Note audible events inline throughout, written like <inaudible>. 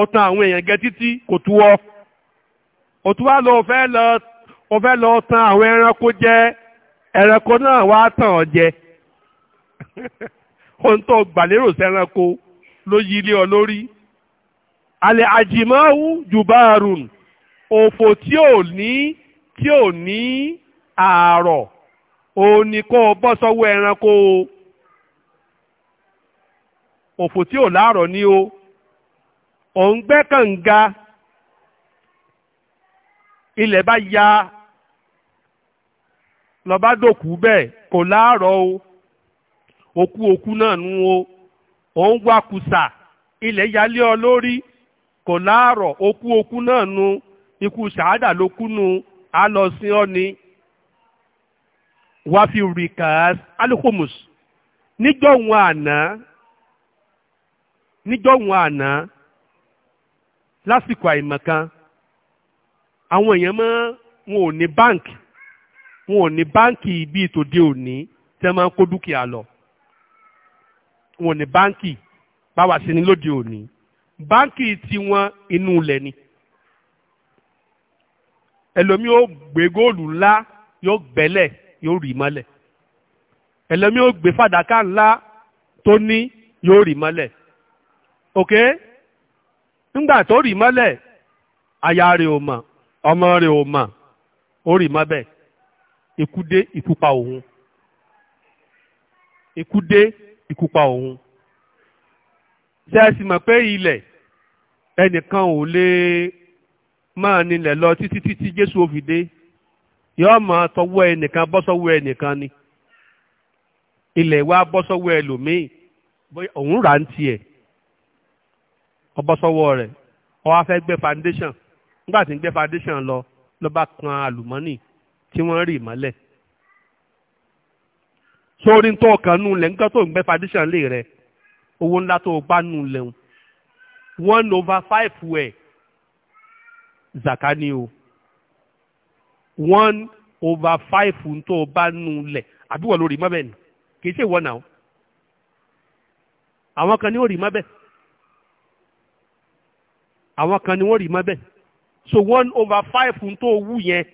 ọ̀tàn àwọn èèyàn gẹ títí kò tú ọ òtún wá lọ ò fẹ́ lọ ò fẹ́ lọ tan àwọn ẹranko jẹ ẹranko náà wá tàn ọ jẹ <laughs> ohun tó gbàlérò sẹ́ranko ló yí ilé ọ lórí alẹ́ àjìmáwú jùbáàrùn òfò tí ò ní tí ò ní ààrọ̀ òun ni kó bọ́ sọ́wọ́ ẹranko òfò tí ò láàrọ̀ ni o. ò ń gbẹ́ kànga ilẹ̀ bá ya lọ́ba dòkú bẹ́ẹ̀ kò láàárọ̀ o òkú òkú náà nu o ò ń wá kùsà ilẹ̀ yalé ọ lórí kò láàárọ̀ òkú òkú náà nu ikú ṣàádà ló kú nu á lọ sí ọ ni wàá fi rìkàs alikomus níjọ́ wọn àná níjọ́ àná lásìkò àìmọ̀kan àwọn èèyàn mọ́ wọn ò ní báǹkì wọn ò ní báǹkì bíi tòde òní tẹ́ máa ń kó dúkìá lọ wọn ò ní báǹkì báwa ṣe ní lóde òní báǹkì tiwọn inú ilẹ̀ ni ẹlòmí ó gbé góòlù ńlá yóò gbẹ́lẹ̀ yóò rì mọ́lẹ̀ ẹlòmí ó gbé fàdákà ńlá tó ní yóò rì mọ́lẹ̀ okay ńgbà tó rì mọ́lẹ̀ aya rẹ̀ ò mọ̀ ọmọ rẹ̀ ò mọ̀ ó rì mọ́ bẹ́ẹ̀ ikú dé ikú pa òun ikú dé ikú pa òun sì mọ̀ pé ilẹ̀ ẹnìkan ò lè máa nílẹ̀ lọ títí títí Jésù ó fi dé yóò máa tọwọ́ ẹnìkan bọ́ ẹnìkan ni ilẹ̀ wa bọ́ sọ́wọ́ ẹlòmíì òun rà ń tiẹ̀ ọbọ̀ sọ́wọ́ rẹ̀ ó wá fẹ́ gbé foundation nígbà tí ń gbé foundation lọ ló bá kan àlùmọ́nì tí wọ́n rì mọ́lẹ̀ sórí tó ọkàn nù lẹ̀ nígbà tó ń gbé foundation lé rẹ̀ owó ńlá tó bá nù lẹ̀hún one over five wẹ̀ zakani o one over five tó bá nù lẹ̀ àbí wọ́n lórí mọ́bẹ̀ ni kì í ṣe wọ́n náà àwọn kan ní ó rí mọ́bẹ̀. àwọn kan ni wọ́n rì mọ́bẹ̀ so one over five tó wù yẹn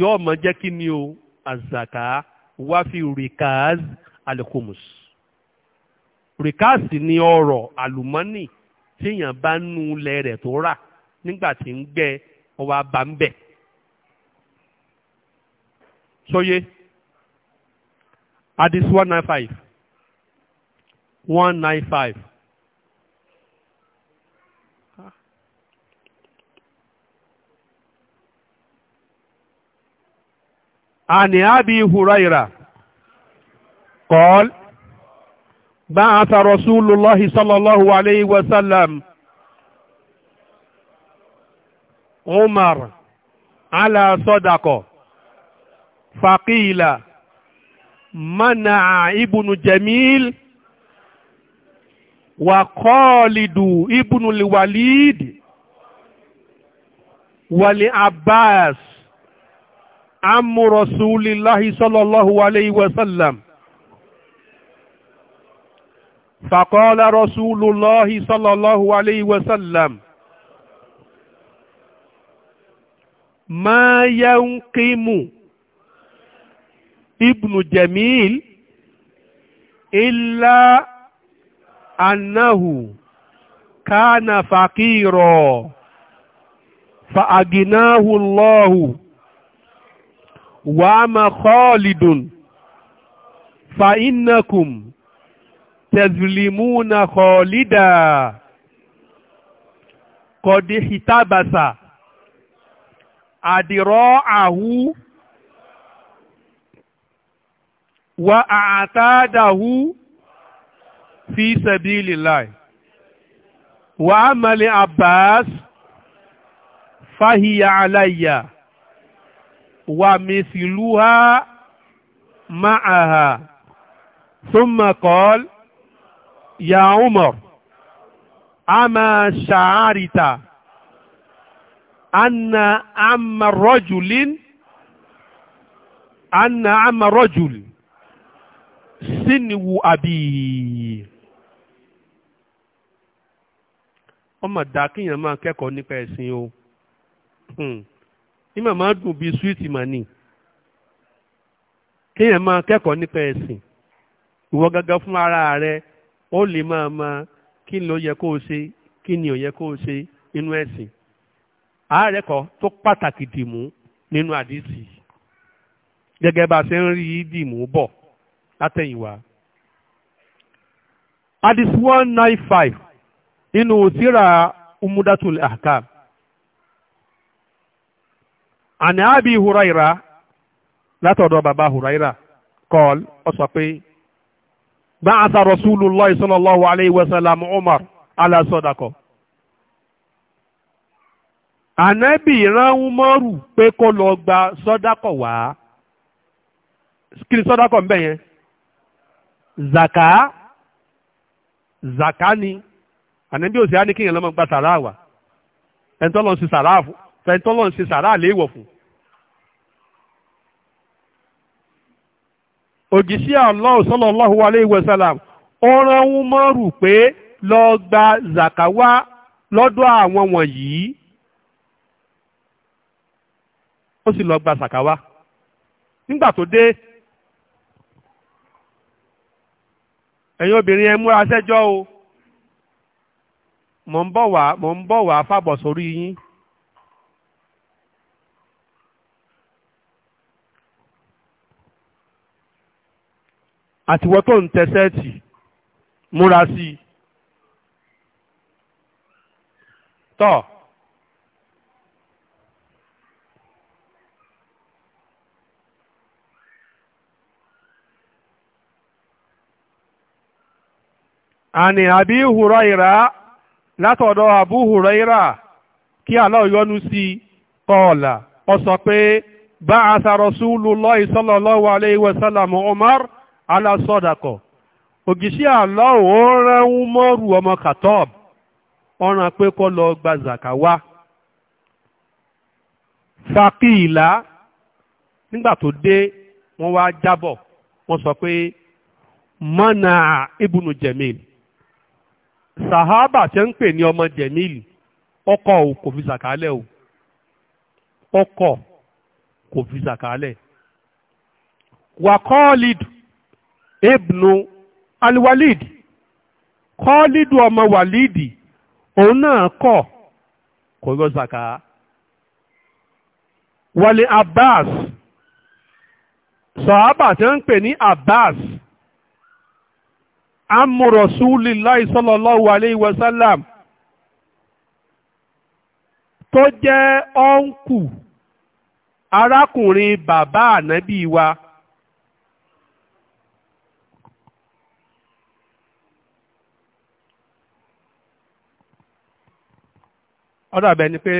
yóò mọ̀ jẹ́ kí ni o azaka wá fi rikaz alikomus rikaz ni ọrọ̀ àlùmọ́nì tíyàn bá nu ilẹ̀ rẹ̀ tó rà nígbà tí ń gbẹ ọwọ́ bá ń bẹ̀ sọye adis one nine five one nine five. عن أبي هريرة قال بعث رسول الله صلى الله عليه وسلم عمر على صدقه فقيل منع ابن جميل وخالد ابن الوليد ولعباس amu rasulillahi sallallahu alayhi wa sallam فقال رسول الله صلى الله عليه وسلم ما ينقم ابن جميل إلا أنه كان فقيرا فأغناه الله wàámà khalidun fa innakum tazlimuna khalida kọ̀dí hitabasa àdìrọ́ àhú wa àtàdàhú fi sabilillahi wàámà li abbas fahiya alayya. ومثلها معها ثم قال يا عمر أما شعرت أن عم رجل أن عم رجل سنو أبيه ọmọ dàkíyàn máa kẹ́kọ̀ọ́ nípa ẹ̀sìn o ní màmá dùn bíi súwìtì mà ní kéèyàn máa kẹ́kọ̀ọ́ nípa ẹ̀sìn ìwọ gangan fún ara rẹ ó lè máa ma kí ni ó yẹ kó o ṣe kí ni ò yẹ kó o ṣe nínú ẹ̀sìn ààrẹ kan tó pàtàkì dìmú nínú àdìsí gẹ́gẹ́ bá a ṣe ń rí dìmú bọ̀ látẹ̀yìnwá. àdìsí one nine five nínú tírà umudatul ahkam àní àbí huraira látọ̀dọ̀ bàbá huraira kọ́ọ̀l ọ sọ pé ba'atha rasulullah sallallahu alayhi wa sallam umar ala sadaqa ànábì rán umaru pé kó lọ gba sọ́dákọ̀ wá kí ni sọ́dákọ̀ ń bẹ̀ yẹn zaka zaka ni ànábì òsì á ní kí yẹn lọ́mọ gba sàráà wá ẹni tó lọ sí sàráà fún fẹ́ntọ́lọ́ ń ṣe sàrá àléèwọ̀ fún. òjìṣẹ́ Allah sallallahu alayhi wa sallam ó rán Umaru pé lọ gba zakawa lọ́dọ̀ àwọn wọ̀nyí ó sì lọ gba zakawa nígbà tó dé ẹ̀yin obìnrin ẹ múra sẹ́jọ́ o mọ̀ ń bọ̀ wá mò ń bọ̀ wá fàbọ̀ sórí yín. àtiwọ́ tó ń tẹ sẹ́ẹ̀tì múra sí i. tọ́ àní àbí Huraira látọ̀dọ̀ Abu Huraira kí Allah sí kọ́ọ̀là ó sọ pé ba'atha Rasulullahi alasọ́dakọ̀ ògìṣẹ́ àlọ́ ò rán ọmọ Khattab ọ̀ràn pé kọ́ lọ gba zaka wá fàkìlá nígbà tó dé wọ́n wá jábọ̀ wọ́n sọ pé mọ́nà ibùnú jẹ̀míl sàhábà ń pè ní ọmọ jẹ̀míl ọkọ̀ ò kò fi o ọkọ̀ kò fi ibnu alwalid lidu ọmọ walidi òun náà kọ kò yọ zaka wàlí abbas sọ̀hábà tí wọ́n ń pè ní abbas amúrọ̀súlìláì sallallahu alayhi wa sallam tó jẹ́ ọ́nkù arákùnrin bàbá ànábì wa. ọ̀dọ̀ àbẹ̀ ni pé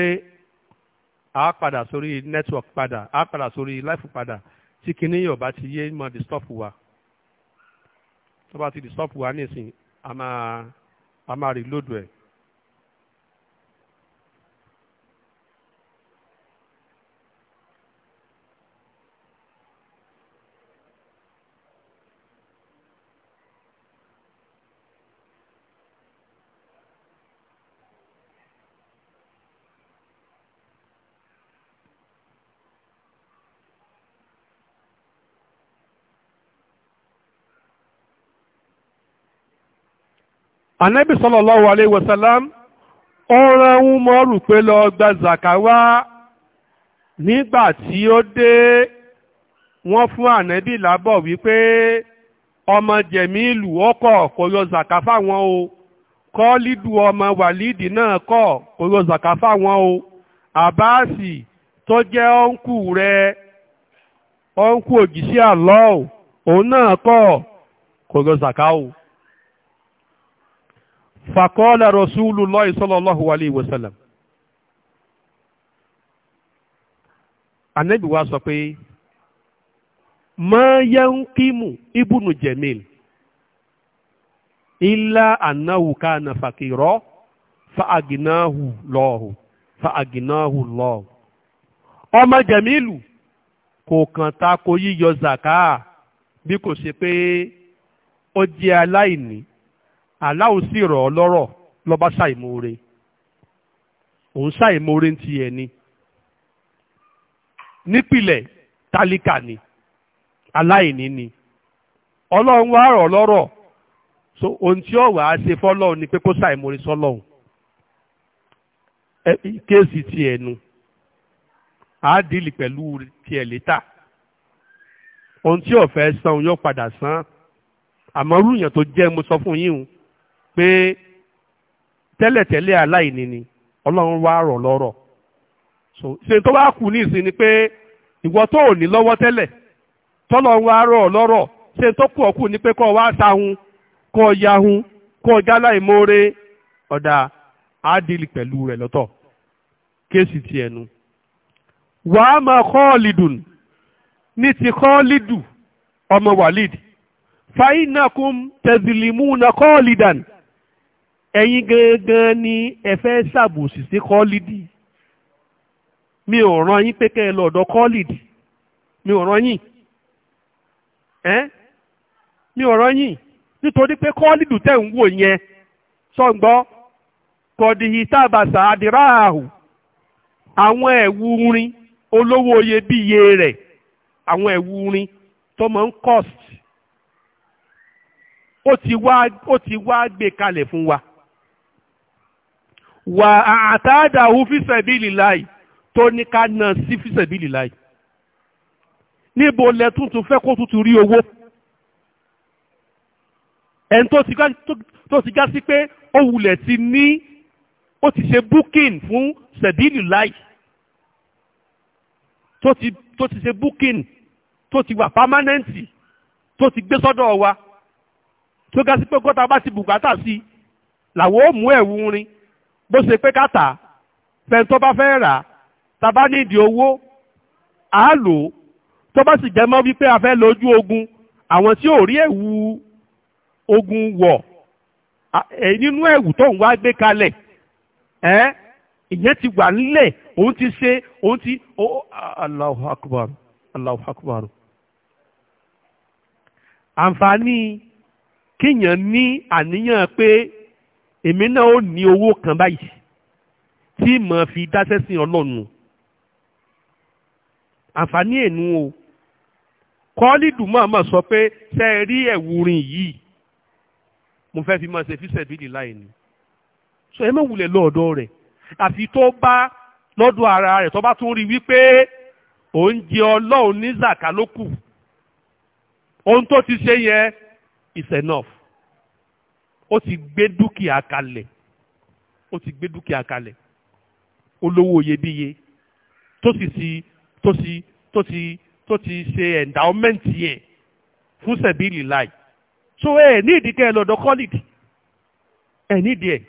a padà sórí network padà a padà sórí life padà tí kinní yóò bá ti yé mọ́ disturb wa tó bá ti disturb wa nísìnyí a máa a máa reload ẹ̀. anabi sallallahu alayhi wa sallam ọ̀ràn ń mọ́rù pé lọ gba zaka wá nígbà tí ó dé wọ́n fún anabi lábọ̀ wípé ọmọ jẹ̀mílù ọkọ̀ kò yọ zaka fáwọn o kọ́ lídù ọmọ wàlídì náà kọ̀ kò yọ zaka fáwọn o àbáàsì tó jẹ́ ọ̀nkù rẹ̀ ọ̀nkù òjìṣẹ́ àlọ́ òun náà kọ̀ kò yọ zaka o fàkọ́ọ́lá Rasulullahi sallallahu alayhi wa sallam Ànábì wa sọ pé ma yankimu ibnu jamil illa annahu kana fakiro fa'aginahu lọ́hu fa'aginahu lọ́hu ọmọ jamilu kò kàn ta ko yíyọ zaka bí kò ṣe pé ó jẹ́ aláìní aláwo sì rọ̀ ọ́ lọ́rọ̀ lọ́ba ṣàìmoore òun ṣàìmoore ń ti ẹ̀ ni nípìlẹ̀ tálíkà ni aláìní ni ọlọ́run wá rọ̀ lọ́rọ̀ so ohun tí ó wà á ṣe fọ́lọ́run ni pé kó ṣàìmoore sọ́lọ́run kéèsì tiẹ̀ nu á dìlì pẹ̀lú tiẹ̀ létà ohun tí ó fẹ́ san yóò padà san àmọ́ rúùyàn tó jẹ́ mo sọ fún yín pé tẹ́lẹ̀tẹ́lẹ̀ aláìní ni ọlọ́run wá rọ̀ lọ́rọ̀ so ṣe tó bá kù ní ìsìn ni pé ìwọ tó ò ní lọ́wọ́ tẹ́lẹ̀ tọ́lọ́run wá rọ̀ lọ́rọ̀ ṣe tó kù ọ̀kù ni pé kọ́ wá sahun kọ́ yahun kọ́ jáláì mọ́re ọ̀dà ádìlì pẹ̀lú rẹ̀ lọ́tọ̀ kéèsì ti ẹnu. á máa kọ́ọ̀lìdùn ní ti kọ́ọ̀lìdù ọmọ wàlídì fàínàkùn tẹ̀sílìmù na kọ́ọ̀lìdàn. ẹ̀yin gangan ni ẹ fẹ́ sí mi ò rán yín pé kẹ́ ẹ lọ́dọ̀ mi ò rán yín ẹ́ mi ò rán yín nítorí pé kọ́lídù tẹ̀ ń wò yẹn sọ̀gbọ́ tábàṣà àdìráàhù àwọn ẹ̀wù rin olówó rẹ̀ àwọn ẹ̀wù rin tó máa ń cost fún wa. wà àtàdàwù fìsẹ̀bìlì láì tó ní ká nà sí fìsẹ̀bìlì láì níbo lẹ tuntun fẹ́ kó tuntun rí owó ẹni tó ti já sí pé ó wulẹ̀ ti ní ó ti ṣe booking fún sẹ̀bìlì láì tó ti ṣe booking tó ti wà pámánẹ́ǹtì tó ti gbé sọ́dọ̀ wa tó ga sí pé gọ́tà bá ti bùkátà sí làwọn ó mú ẹ̀wù rin bó ṣe pé ká tà fẹ́ntọ́ bá fẹ́ rà tàbá nídìí owó à á lò ó tó bá sì jẹ́ wípé a fẹ́ lójú ogun àwọn tí ò rí ẹ̀wù ogun wọ̀ nínú ẹ̀wù tó ń wá gbé kalẹ̀ ẹ́ ìyẹn ti wà nílẹ̀ òun ti ṣe òun ti Allahu Akbar Allahu Akbar àǹfààní kíyàn ní àníyàn pé èmi náà ó ní owó kan báyìí tí mo fi dáṣẹ́ sí ọlọ́run àǹfààní ẹ̀nu o kọ́lídù mọ̀ọ́mọ̀ sọ pé ṣe é rí ẹ̀wùrin yìí mo fẹ́ fi máa ṣe fíṣẹ̀ bídì láì ní so ẹ má wulẹ̀ lọ́ọ̀dọ̀ rẹ̀ àfi tó bá lọ́dọ̀ ara rẹ̀ tó bá tún rí wípé oúnjẹ ọlọ́run ní zàkà ohun tó ti ṣe yẹn is enough ó ti gbé dúkìá kalẹ̀ ó ti gbé dúkìá kalẹ̀ olówó iyebíye tó sì ti tó sì tó ti tó ti ṣe endowment yẹ fún sẹ̀bílì láì so ẹ ní ìdí kẹ́ ẹ lọ́dọ̀ kọ́lìdì ẹ nídìí ẹ̀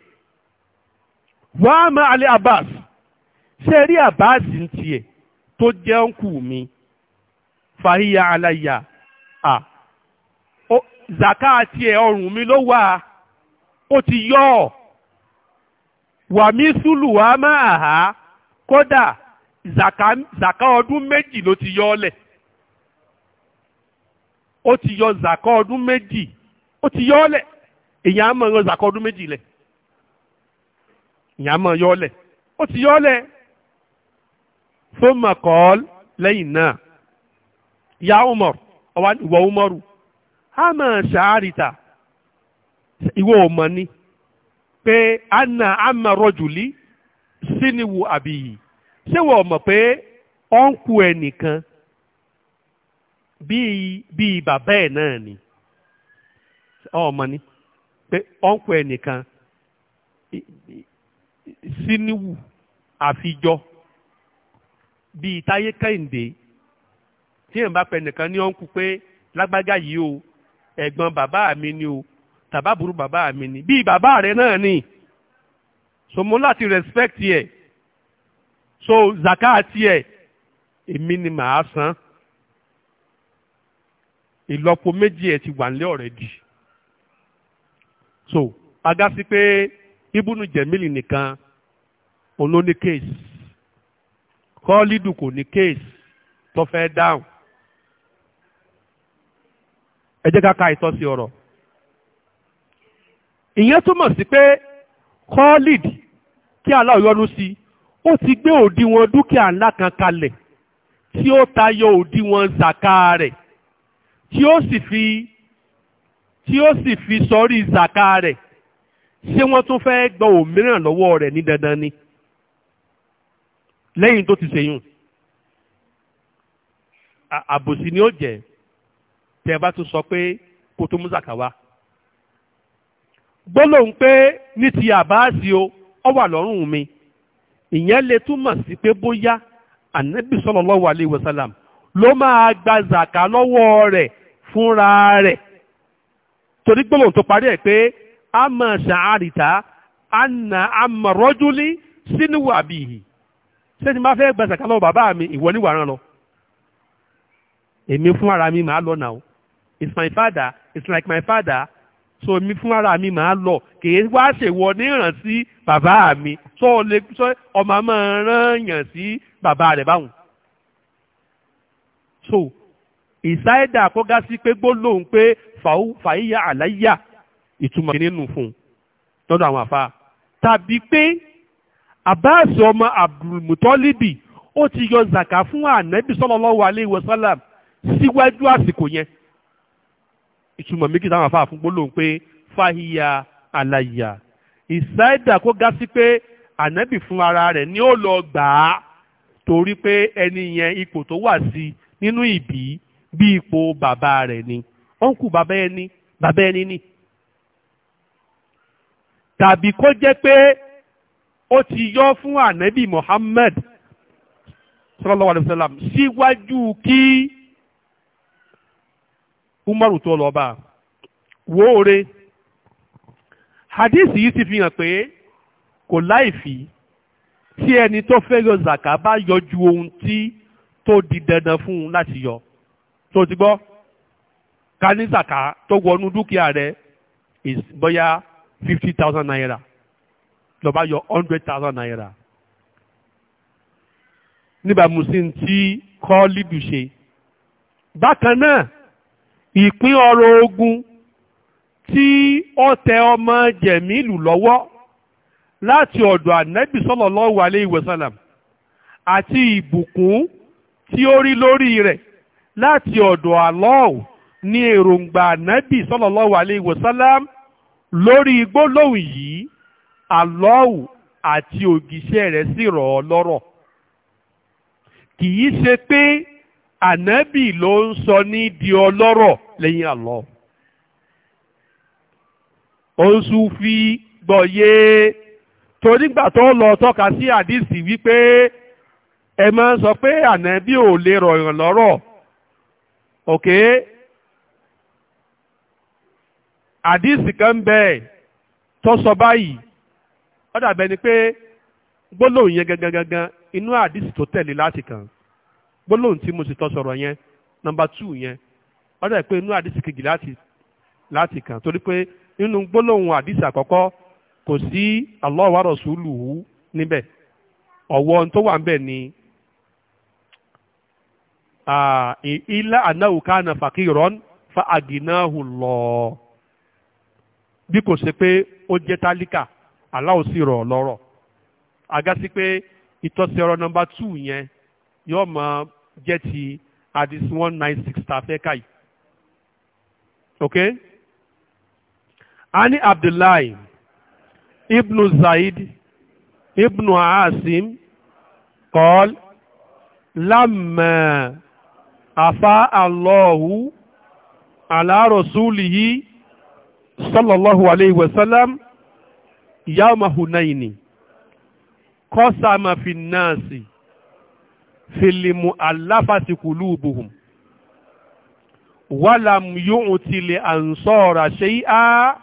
wàá máa alẹ́ Abbas ṣe rí Abbas ń tiẹ̀ tó jẹ́ ọ̀nkù mi fàáyà aláyà à zaka tiẹ̀ ọrùn mi ló wà á ó ti yọ ọ́ wàmí sùlù wa máa hà á kódà zàká ọdún méjì ló ti yọ ọ́ lẹ̀ ó ti yọ zàká ọdún méjì ó ti yọ ọ́ lẹ̀ èyàn á mọ̀ ọ́ zàká ọdún méjì lẹ̀ èyàn á mọ̀ yọ ọ́ lẹ̀ ó ti yọ ọ́ lẹ̀ fún mọ̀kọ́ lẹ́yìn náà ya umar ọwọ́ umar hamẹ̀ ṣáàrìta ìwọ ò mọ̀ ni pé anna ama rọjùlí síniwò àbíyì ṣé wọ́n mọ̀ pé ọ̀nkù ẹnìkan bíi bíi bàbá ẹ̀ náà ni ọmọ ni pé ọ̀nkù ẹnìkan síniwù àfijọ́ bíi táyé kẹ́hìndé tí èèyàn bá pẹ́ nìkan ní ọ̀nkù pé lágbájá yìí o ẹ̀gbọ́n bàbá mi ni o tàbá burú bàbá mi ni bí bàbá rẹ náà ni so mo láti respect yẹ so zakat yẹ èmi ni màá san ìlọ́po méjì ẹ̀ ti wà nílé already so aga sí pé ibùnú jẹ̀mílì nìkan òun ní case kọ́lídù kò ní case tó fẹ́ dáhùn ẹ jẹ́ ká ka ìtọ́sí ọ̀rọ̀ ìyẹn túmọ̀ sí pé khalid kí Allah yọ́nú sí ó ti gbé òdiwọ̀n dúkìá ńlá kan kalẹ̀ tí ó tayọ òdiwọ̀n zaka rẹ̀ tí ó sì fi tí ó sì fi sọrí zaka rẹ̀ ṣé wọ́n tún fẹ́ gba òmíràn lọ́wọ́ rẹ̀ ní dandan ni lẹ́yìn tó ti ṣèyún àbòsí ni ó jẹ́ tẹ́ ẹ bá tún sọ pé kó tó mú zaka wá gbólóhùn pé ní ti àbáàsì o ọ wà lọ́rùn mi ìyẹn lè túmọ̀ sí pé bóyá ànábì sallallahu alaihi wasallam ló máa gba zàkà lọ́wọ́ rẹ̀ fúnra rẹ̀ torí gbólóhùn tó parí ẹ̀ pé àmọ̀ ṣàárìtà àna àmọ̀ rọ́júlí sínú àbíyì ṣé ti máa fẹ́ gba zàkà lọ́wọ́ bàbá mi ìwọ ni wàrán lọ èmi fún ara mi màá lọ nà o it's my father it's like my father so mi fún ara mi màá lọ kèé wá ṣèwọ ní ìrántí bàbá mi sọ ọ lè sọ ọmọ máa rán yàn sí bàbá rẹ báwọn. so ìsáyédà kọ́gá sí pé gbólóhùn pé fàáyà àláyà ìtumọ̀ kìíní nù fún un lọ́dọ̀ àwọn àfa tàbí pé abbas ọmọ abdulmutalibi ó ti yọ zaka fún ànábì sallallahu alaihi wasallam síwájú àsìkò yẹn ìtumọ̀ méjì táwọn afáà fún gbólóhùn pé fàhíyà àlàyà ìsáìdà kó ga sí pé ànábì fún ara rẹ̀ ni ó lọ gbà á torí pé ẹni yẹn ipò tó wà sí nínú ìbí bí ipò bàbá rẹ̀ ni ọ̀nkù bàbá ẹni bàbá ẹni ni tàbí kó jẹ́ pé ó ti yọ fún ànábì Muhammad sallallahu alaihi wasallam síwájú kí. Si umaru tó lọ bá a wo ore hadith yìí ti fi hàn pé kò láìfì tí ẹni tó fẹ́ yọ zaka bá yọ ohun tí tó di dandan fún un láti yọ tó ti gbọ́ ká ní zaka tó wọnú dúkìá rẹ̀ is bóyá fifty thousand naira ló bá yọ hundred thousand naira níbàámu sí ti kọ́ lídùú ṣe bákan náà ìpín ọrọ̀ ogun tí ó tẹ ọmọ jẹ̀mílù lọ́wọ́ láti ọ̀dọ̀ ànẹ́bì sallallahu alayhi wa sallam àti ìbùkún tí ó rí lórí rẹ̀ láti ọ̀dọ̀ Allah ní èròǹgbà ànẹ́bì sallallahu alayhi wa lórí gbólóhùn yìí Allah àti ògìṣẹ́ rẹ̀ sì rọ̀ ọ́ lọ́rọ̀ kì í ṣe pé ànábì ló ń sọ ní di ọlọ́rọ̀ lẹ́yìn àlọ́ oṣù fi gbọ̀yé torígbà tó lọ tọ́ka sí àdìsí wípé ẹ máa ń sọ pé ànábì ò lè rọ̀yàn lọ́rọ̀ òkè àdìsí kan bẹ́ẹ̀ tó sọ báyìí ó dàbẹ́ ni pé gbólóhùn yẹn gangan gangan inú àdìsí tó tẹ̀lé láti kàn. gbólóhùn tí mo sì tọ́ sọ̀rọ̀ yẹn nọmba two yẹn ó dà pé inú àdìsí kejì láti láti kàn torí pé nínú gbólóhùn àdìsí àkọ́kọ́ kò sí Allah wa níbẹ̀ ọ̀wọ́ tó ni ilá fa aginahu Allah bí kò ṣe pé ó jẹ́ tálíkà Allah sì rọ̀ two yẹn yóò jẹ́ ti hadith one nine six tá a fẹ́ ká yìí. ok ani abdullahi ibnu zaid ibnu asim kọ́l lámà afa allahu ala rasulihi sallallahu alayhi wa sallam yawma hunaini qasama fi nasi filimu alafati kulubuhum walam yu'ti li ansora shay'a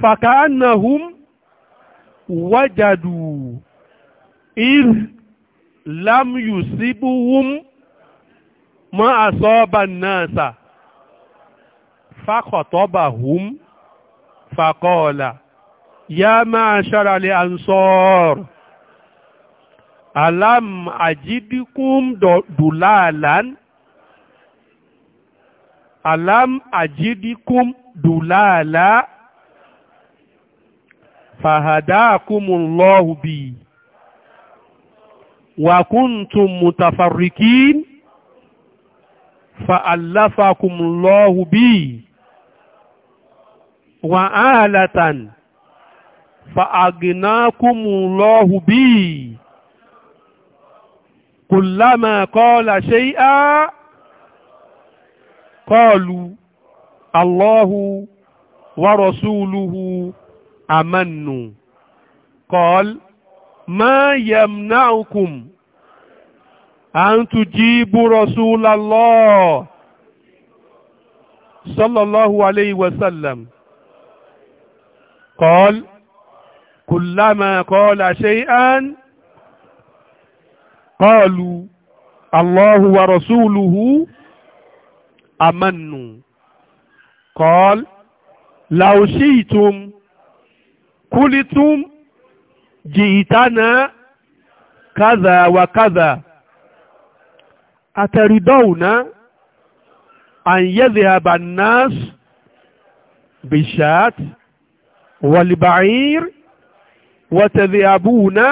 faka'annahum wajadu ir lam yusibuhum ma asoba nasa fakotobahum fakola ya ma shara li ansor alam ajidikum dulalan alam ajidikum dulala fahadakumullahu bi wa kuntum mutafarrikin fa'allafakumullahu bi wa alatan fa'agnakumullahu bi كلما قال شيئا قالوا الله ورسوله أمنوا قال ما يمنعكم أن تجيبوا رسول الله صلى الله عليه وسلم قال كلما قال شيئا قالوا الله ورسوله أمنوا قال لو شئتم قلتم جئتنا كذا وكذا اتردون أن يذهب الناس بالشاة والبعير وتذهبون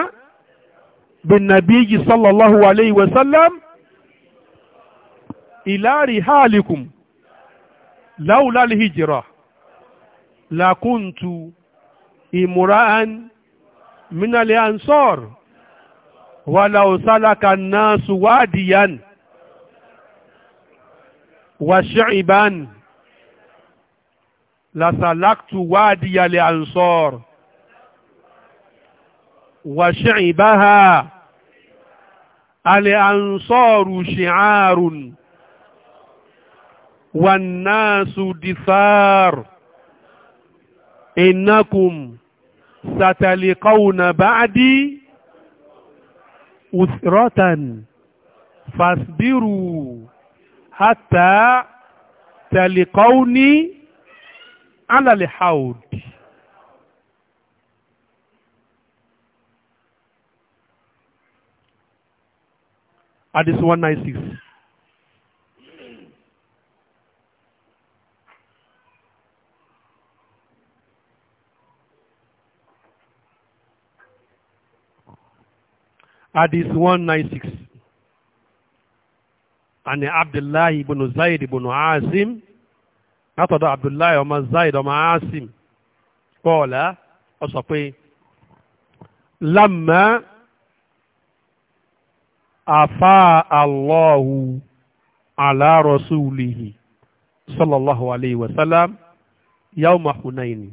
بالنبي صلى الله عليه وسلم إلى رحالكم لولا الهجرة لكنت امرأ من الأنصار ولو سلك الناس واديا وشعبا لسلكت وادي الأنصار وشعبها الأنصار شعار والناس دثار إنكم ستلقون بعدي أسرة فاصبروا حتى تلقوني على الحوض hadith one nine six. hadith 196 عن عبد الله بن زيد بن عاصم نطد عبد الله وما زيد وما عاصم قال أصبي لما afa allahu ala rasulihi sallallahu alayhi wa sallam yawma hunaini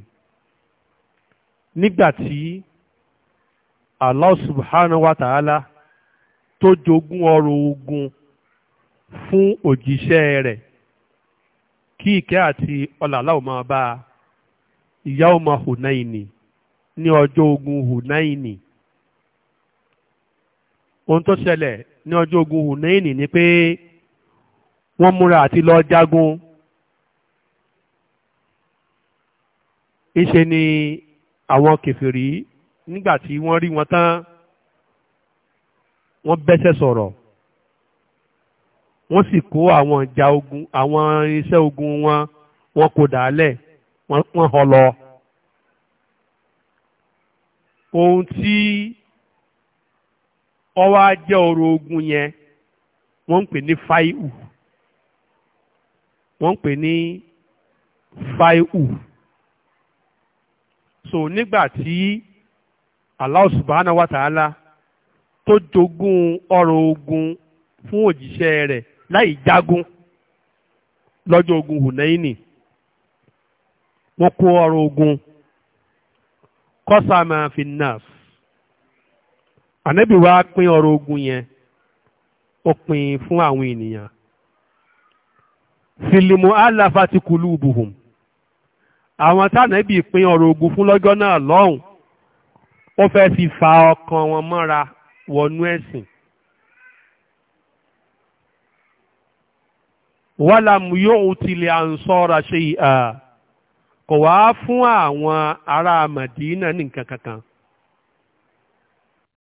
nígbà tí allah subhanahu wa ta'ala tó jogún ọrọ̀ ogun fún òjíṣẹ́ rẹ̀ kí ìkẹ́ àti ọlà aláwọ̀ máa bá yawma hunaini ní ọjọ́ ogun hunaini ohun tó ṣẹlẹ̀ ní ọjọ́ ogun Hunaini ni pé wọ́n múra àti lọ jagun ìṣe ni àwọn kèfèrí nígbà tí wọ́n rí wọn tán wọ́n bẹ́sẹ̀ sọ̀rọ̀ wọ́n sì kó àwọn ìjà ogun àwọn irinṣẹ́ ogun wọn wọ́n kò dàálẹ̀ wọ́n họ lọ ohun tí ọwọ́ ajẹ́ ọ̀rọ̀ ogun yẹn wọ́n ń pè ní fáìhù wọ́n ń pè ní fáìhù so nígbà tí Allah subhanahu wa ta'ala tó jogún ọ̀rọ̀ ogun fún òjíṣẹ́ rẹ̀ láì jagun lọ́jọ́ ogun Hunaini wọ́n kó ọ̀rọ̀ ogun kọ́sàmà anebi wa pín ọrọ̀ ogun yẹn ó pín fún àwọn ènìyàn fìlìmù aláfa ti kùlù bùhùn àwọn tánàbì pín ọrọ̀ ogun fún lọ́jọ́ náà lọ́hùn ó fẹ́ fi fa ọkàn wọn mọ́ra wọnú ẹ̀sìn wàlámù yóò tilẹ̀ ànsọ́ra ṣe ìhà kò wá fún àwọn ará Màdínà ní nǹkan kankan.